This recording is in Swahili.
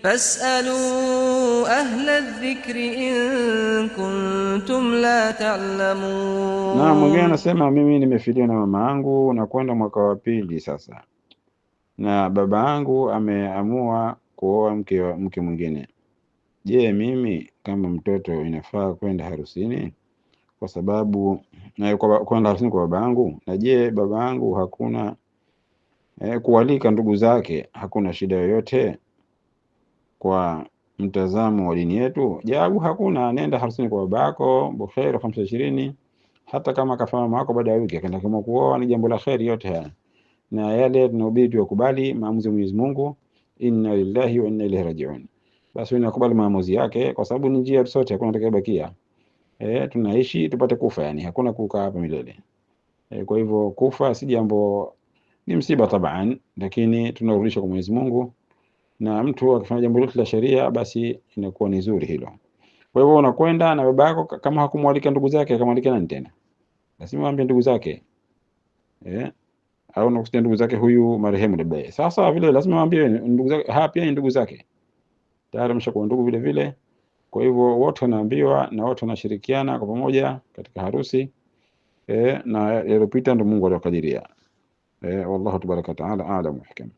Fasalu ahla dhikri in kuntum la ta'lamun. Na mwingine anasema mimi nimefidia na mama yangu na kwenda mwaka wa pili sasa, na baba yangu ameamua kuoa mke wa mke mwingine. Je, mimi kama mtoto inafaa kwenda harusini? Kwa sababu kwenda harusini kwa baba yangu? Na je baba yangu hakuna eh, kualika ndugu zake hakuna shida yoyote? kwa mtazamo wa dini yetu? Jawabu, hakuna. Nenda harusini kwa babako bukhair hamsa ishirini, hata kama kafaa mama wako baada ya wiki akaenda kama kuoa, ni jambo la kheri. Yote haya na yale tunahubiri tuyakubali, maamuzi ya Mwenyezi Mungu, inna lillahi wa inna ilaihi rajiun. Basi nakubali maamuzi yake, kwa sababu ni njia sote, hakuna atakayebakia. Eh, tunaishi tupate kufa, yani hakuna kukaa hapa milele. E, kwa hivyo kufa si jambo, ni msiba tabaan, lakini tunarudisha kwa Mwenyezi Mungu na mtu akifanya jambo lolote la sheria, basi inakuwa ni zuri hilo. Kwa hivyo unakwenda na baba yako, kama hakumwalika ndugu zake, akamwalika nani tena? Lazima waambie ndugu zake eh, au unakusudia ndugu zake huyu marehemu labda. Sasa vile lazima waambie ndugu zake, hapa pia ni ndugu zake, tayari mshakuwa ndugu vile vile. Kwa hivyo wote wanaambiwa na wote wanashirikiana kwa pamoja katika harusi eh, na yaliyopita ndio Mungu aliyokadiria. Eh, wallahu tabaraka wataala alam wa hikam.